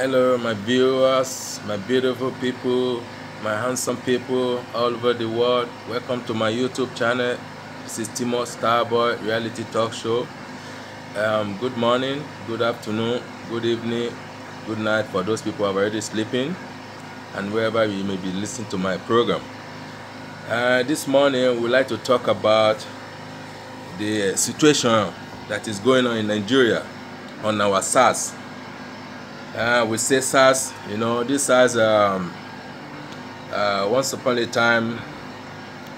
Hello, my viewers, my beautiful people, my handsome people all over the world. Welcome to my YouTube channel. This is Timo Starboy Reality Talk Show. Um, good morning, good afternoon, good evening, good night for those people who are already sleeping and wherever you may be listening to my program. Uh, this morning, we'd like to talk about the situation that is going on in Nigeria on our SARS uh, we say you know, this has. um, uh, once upon a time,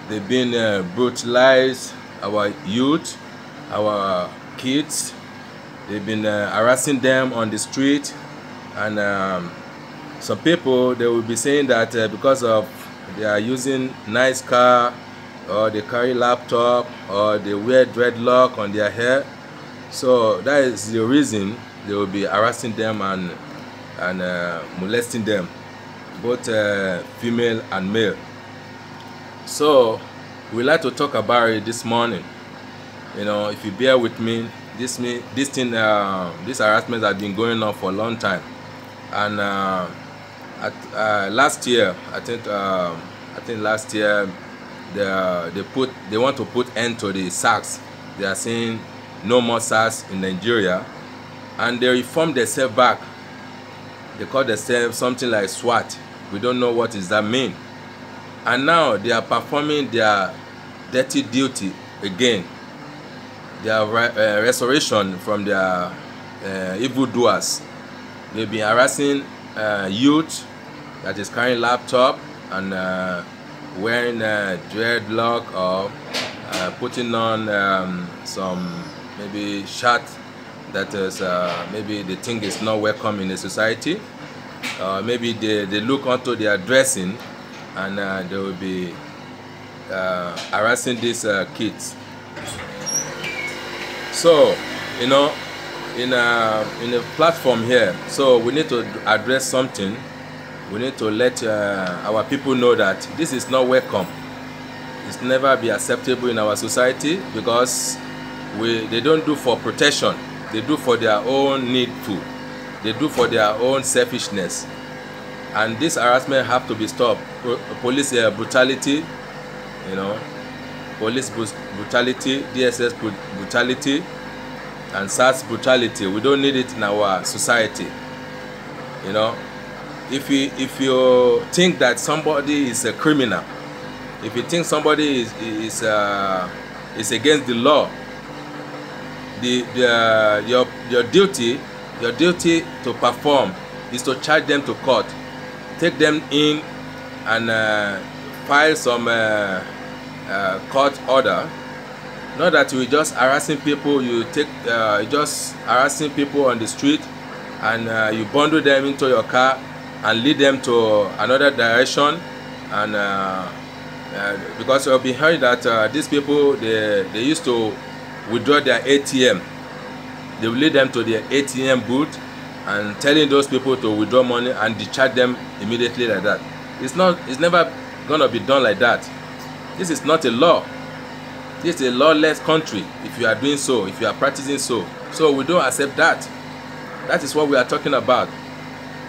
they've been uh, brutalized, our youth, our kids, they've been uh, harassing them on the street, and um, some people, they will be saying that uh, because of they are using nice car, or they carry laptop, or they wear dreadlock on their hair, so that is the reason they will be harassing them and and uh, molesting them, both uh, female and male. So we like to talk about it this morning. You know, if you bear with me, this me this thing, uh, this harassment has been going on for a long time, and uh, at, uh, last year, I think, um, I think last year, they they put they want to put end to the sacks. They are saying no more sacks in Nigeria, and they reform themselves back they call themselves something like SWAT. We don't know what is that mean. And now they are performing their dirty duty again. Their uh, restoration from their uh, evildoers. They've been harassing uh, youth that is carrying laptop and uh, wearing a uh, dreadlock or uh, putting on um, some maybe shirt that is uh, maybe the thing is not welcome in the society. Uh, maybe they, they look onto their dressing and uh, they will be uh, harassing these uh, kids. So, you know, in a, uh, in a platform here, so we need to address something. We need to let our people know that this is not welcome. It's never be acceptable in our society because we, they don't do for protection. they do for their own need too they do for their own selfishness and this harassment have to be stopped police uh, brutality you know police brutality dss brutality and sars brutality we don't need it in our society you know if you if you think that somebody is a criminal if you think somebody is is uh, is against the law the, the, your, your duty your duty to perform is to charge them to court take them in and uh, file some uh, uh, court order not that you just harassing people you take uh, just harassing people on the street and uh, you bundle them into your car and lead them to another direction and uh, uh, because we have been heard that uh, these people they, they used to withdraw their ATM. They will lead them to their ATM booth and telling those people to withdraw money and discharge them immediately like that. It's not it's never gonna be done like that. This is not a law. This is a lawless country if you are doing so, if you are practicing so. So we don't accept that. That is what we are talking about.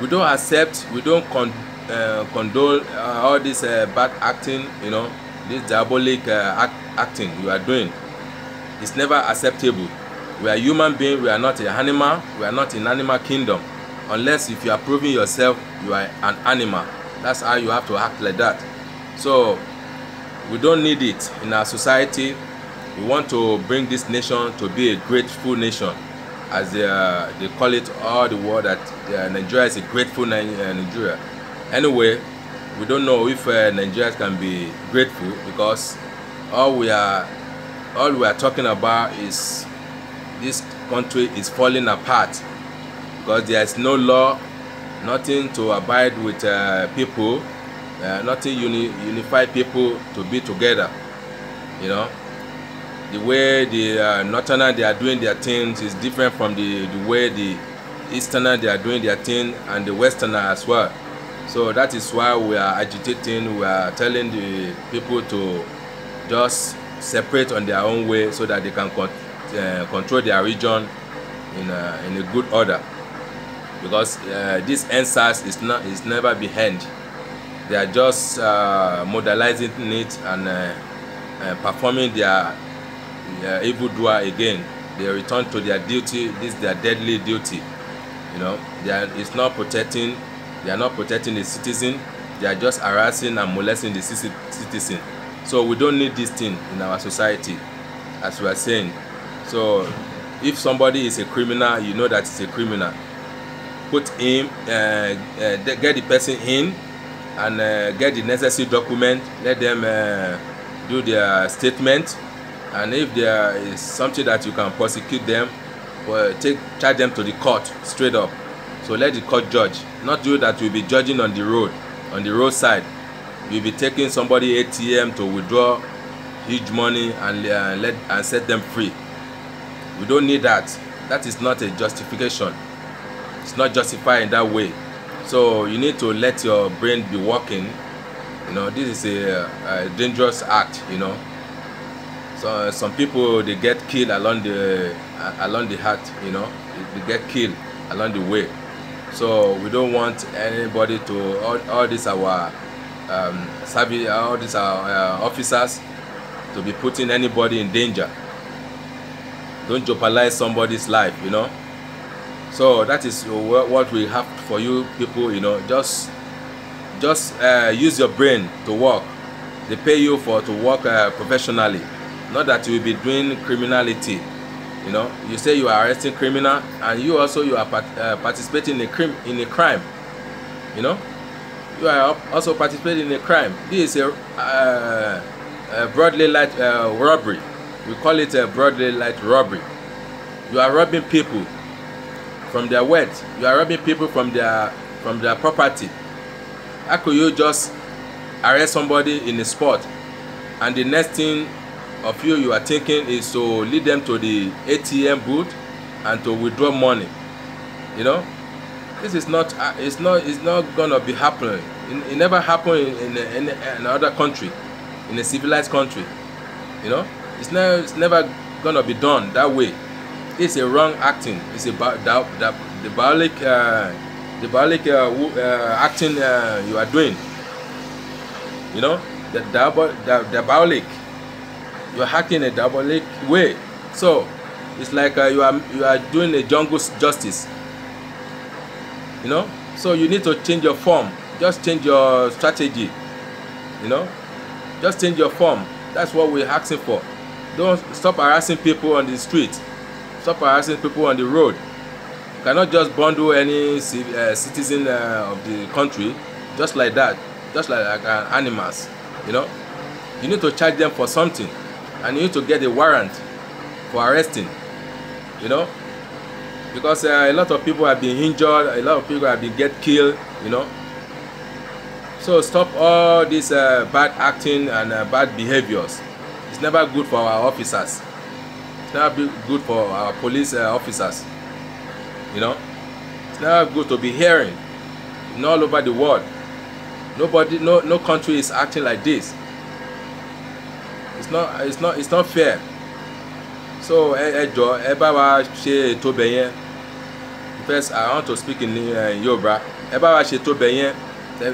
We don't accept, we don't con uh, condone uh, all this uh, bad acting, you know, this diabolic uh, act acting you are doing is never acceptable. We are human beings. we are not an animal, we are not in animal kingdom. Unless if you are proving yourself, you are an animal. That's how you have to act like that. So we don't need it in our society. We want to bring this nation to be a grateful nation. As they, uh, they call it all the world that uh, Nigeria is a grateful uh, Nigeria. Anyway, we don't know if uh, Nigerians can be grateful because all we are all we are talking about is this country is falling apart because there is no law, nothing to abide with uh, people, uh, nothing uni unify people to be together. You know, the way the uh, northerners they are doing their things is different from the, the way the easterner they are doing their thing and the westerner as well. So that is why we are agitating, we are telling the people to just separate on their own way so that they can con uh, control their region in a, in a good order because uh, this NSAS is not is never behind they are just uh, eh, modelizing it and uh, uh, performing their evil doer again they return to their duty this is their deadly duty you know they are it's not protecting they are not protecting the citizen they are just harassing and molesting the citizen so we don't need this thing in our society as we are saying so if somebody is a criminal you know that he's a criminal put him uh, uh, get the person in and uh, get the necessary document let them uh, do their statement and if there is something that you can prosecute them well take charge them to the court straight up so let the court judge not you that will be judging on the road on the roadside You'll be taking somebody ATM to withdraw huge money and, uh, let, and set them free. We don't need that. That is not a justification. It's not justified in that way. So you need to let your brain be working. You know, this is a, a dangerous act, you know. So uh, some people, they get killed along the, uh, along the heart, you know. They get killed along the way. So we don't want anybody to, all, all this our um, service, all these uh, uh, officers to be putting anybody in danger. Don't jeopardize somebody's life, you know. So that is what we have for you people, you know. Just, just uh, use your brain to work. They pay you for to work uh, professionally, not that you will be doing criminality. You know, you say you are arresting criminal, and you also you are part, uh, participating in a crime in a crime. You know you are also participating in a crime. This is a, uh, a broad daylight uh, robbery. We call it a broad daylight robbery. You are robbing people from their wealth. You are robbing people from their from their property. How could you just arrest somebody in a spot and the next thing of you you are thinking is to lead them to the ATM booth and to withdraw money? You know, this is not uh, it's not it's not gonna be happening it, it never happened in, in, in, another country in a civilized country you know it's never it's never gonna be done that way it's a wrong acting it's about that that the biolic uh, the uh, uh, acting uh, you are doing you know the double the, you're hacking a diabolic way so it's like uh, you are you are doing a jungle justice you know so you need to change your form just change your strategy you know just change your form that's what we're asking for don't stop harassing people on the street stop harassing people on the road you cannot just bundle any uh, citizen uh, of the country just like that just like, uh, animals you know you need to charge them for something and you need to get a warrant for arresting you know because uh, a lot of people have been injured, a lot of people have been get killed, you know. So stop all these uh, bad acting and uh, bad behaviors. It's never good for our officers. It's never good for our police uh, officers. You know, it's never good to be hearing in all over the world. Nobody, no, no country is acting like this. It's not, it's not, it's not fair. So ẹ jọ ẹ bá wa ṣe ètò bẹ̀yẹn first i want to speak in eh, Yoruba. Yorùbá ẹ bá wa ṣètò bẹ̀ yẹn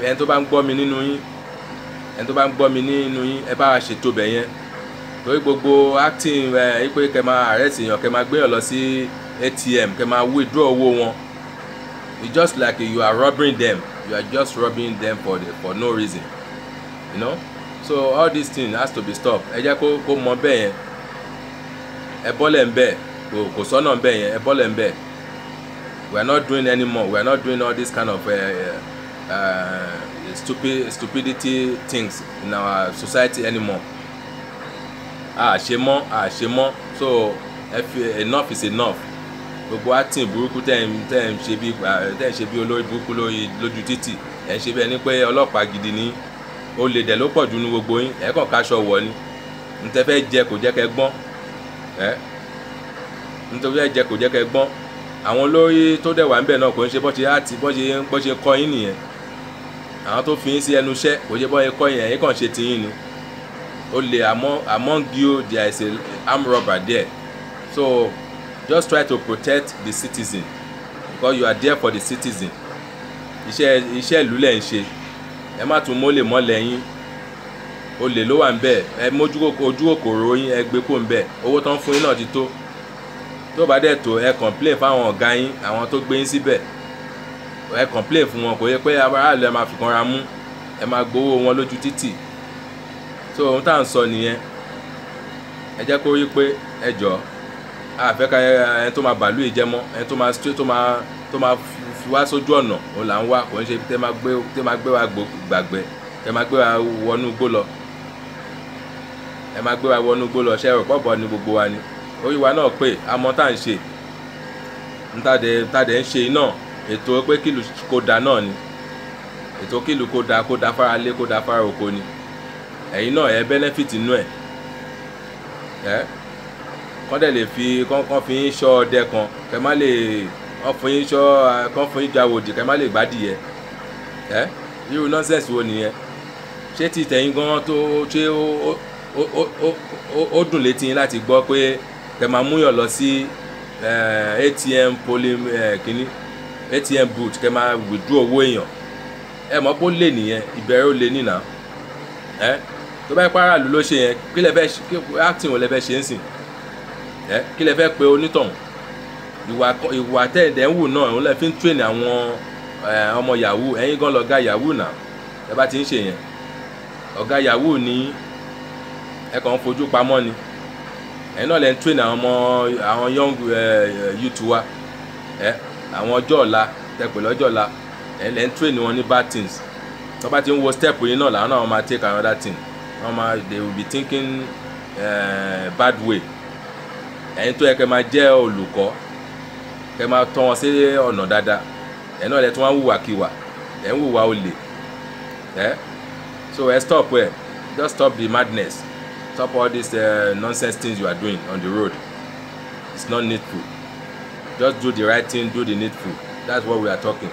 ẹni tó bá ń gbọ́ mi nínú yín ẹni tó bá ń gbọ́ mi nínú yín ẹ bá wa ṣètò bẹ̀ yẹn torí gbogbo acting ẹ eh, ipe kẹ máa arrest èèyàn kẹ máa gbéyàn lọ sí ATM kẹ máa withdraw owó wọn it's just like you are robbing them you are just robbing them for the, for no reason you know so all these things has to be stopped ẹ jẹ́ kó kó mọ bẹ́ẹ̀ yẹn ẹ bọ́lẹ̀ ń bẹ́ẹ̀ kò sọ́nà ń bẹ́ẹ̀ yẹn ẹ bọ́lẹ̀ ń bẹ́ẹ̀ we are not doing anymore we are not doing all this kind of uh, uh, uh, stupid stupidity things in our society anymore àṣemọ́ ah, àṣemọ́ ah, so enough is enough gbogbo acting burúkú tẹ́ ń tẹ́ ń ṣe bí tẹ́ ń ṣe bí olórí burúkú lójú títì ẹ̀ ń ṣe bí ẹni pé ọlọ́pàá gidi ni ó lè dẹ̀ ló pọ̀ jù ní gbogbo yín ẹ̀ kàn káṣọ wọ̀ ni ntẹ́ fẹ́ jẹ kò jẹ́ kẹ́ gbọ́n ẹ́ ntẹ́ fẹ́ jẹ kò jẹ́ kẹ́ gbọ́n àwọn olórí tó dẹ̀ wà ń bẹ̀ náà kò ń ṣe bọ́ṣe áàtì bọ́ṣe bọ́ṣe kọ́ yín nìyẹn àwọn tó fi yín sí ẹnu iṣẹ́ kò ṣe bọ́ṣe kọ́ yín ẹ̀yìn kàn ṣe tiyín ni ó lè among you there is a armed robber there so just try to protect the citizen because you are there for the citizen iṣẹ́ iṣẹ́ ìlú lẹ̀ ń ṣe ẹ má tún mólè mọ́lẹ̀ yín olè ló wà ń bẹ̀ ẹ mójú kòkòrò yín ẹ gbé kó ń bẹ̀ owó tán fún yín náà ti tó tó bá dẹ̀ tó ẹ complain fáwọn ọ̀gá yín àwọn tó gbé yín síbẹ̀ ẹ complain fún wọn kò yẹ pé aráàlú ẹ máa fi kanra mú ẹ máa gbowó wọn lójú títì so ohun tá à ń sọ nìyẹn ẹ jẹ́ kó rí pé ẹ jọ àfẹ́ ka ẹni tó máa bàálù yìí jẹ́ mọ́ ẹni tó máa tó máa tó máa fi wá sójú ọ̀nà òun là ń wá kò ń ṣe tẹ́ máa gbé tẹ́ máa gbé wa gbàgbẹ́ tẹ́ máa gbé wa wọnú igbó lọ ẹ máa gbé wa wọnú igbó lọ ṣe é rò pọ̀ bọ́ ni gbogbo wa ni oríwa náà pé àmọ́ tá à ń ṣe ntàdé ntàdé ń ṣe náà ètò pé kìlù kò dá náà ni ètò kìlù kò dá kò dá fara lé kò dá fara oko ni ẹ̀yin náà ẹ benefit inú ẹ̀ ẹ́ kọ́n dẹ̀ lè fi kọ́n fi ń ṣọ́ ọdẹ kan kẹ́ má lè kọ́n fi ń ṣọ́ kọ́n fi ń jáwòdì kẹ́ má lè gbádìí ẹ ẹ́ irú nọ́sẹ̀sì wo nìyẹn ṣé ti tẹ̀yìn gan tó ṣé ó dùn létí láti gbọ́ pé tẹ̀ máa mú yàn lọ sí atm polling kínní atm booth kẹ́ máa withdraw owó èèyàn ẹ mọ̀ pé ó lè nìyẹn ìbẹ̀rẹ̀ ó lè nìyà ẹ tó bá ipá aráàlú ló ṣe yẹn kí lè fẹ́ acting ò lè fẹ́ ṣe ń sìn ẹ kí lè fẹ́ pe onítọ̀hún ìwà ìwà tẹ̀dẹ̀ ń wù náà òun lè fi ń train àwọn ọmọ yahoo ẹ̀yin gan lọ̀gá yahoo náà ẹ bá ti ń ṣe yẹn ọ̀gá yahoo ní ẹ kàn ń fojú pamọ́ ni. Eh, ẹ̀yin náà lẹ́ ń train àwọn ọmọ àwọn young youth wa ẹ àwọn ọjọ́ ọ̀la tẹpẹ̀ lọ́jọ́ ọ̀la ẹ̀yin lẹ́ ń train wọn ní bad things tó bá ti ń wo step yìí náà làwọn náà máa take another thing wọ́n máa they will be thinking uh, bad way ẹ̀yin tó yẹ kẹ́ máa jẹ́ olùkọ́ kẹ́ máa tọ́ wọn sí ọ̀nà dáadáa ẹ̀yin náà lẹ́ tún wá wùwàkiwà ẹ̀ ń wùwà olè ẹ̀ so ẹ stop ẹ just stop the madness Stop all these uh, nonsense things you are doing on the road. It's not needful. Just do the right thing, do the needful. That's what we are talking.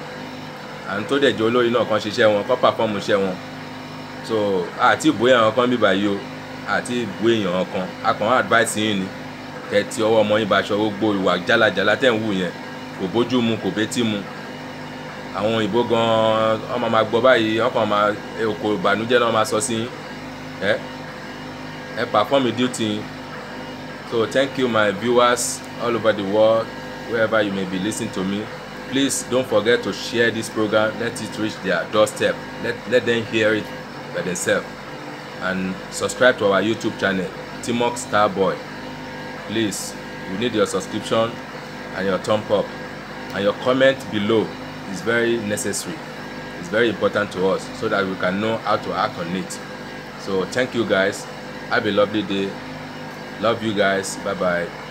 And tó dẹ̀ jẹ́ olóyin náà kan ṣiṣẹ́ wọn kan pàfọ́ọ̀mù iṣẹ́ wọn. So àti ìbò èèyàn kan bíbà yìí o àti ìbò èèyàn kan a kàn án advice yín ni kẹtì ọwọ́ ọmọ yín baṣọ gbogbo ìwà jálajàla tẹ̀ ń wù yẹn kò bójú mu kò bétí mu àwọn òyìnbó gan-an ọmọ máa gbọ́ báyìí ọkàn máa okò ìbànújẹ́ náà máa sọ sí yín and perform a duty. So thank you my viewers all over the world, wherever you may be listening to me. Please don't forget to share this program. Let it reach their doorstep. Let, let them hear it by themselves. And subscribe to our YouTube channel, Timok Starboy. Please, we need your subscription and your thumb up. And your comment below is very necessary. It's very important to us so that we can know how to act on it. So thank you guys. Have a lovely day. Love you guys. Bye bye.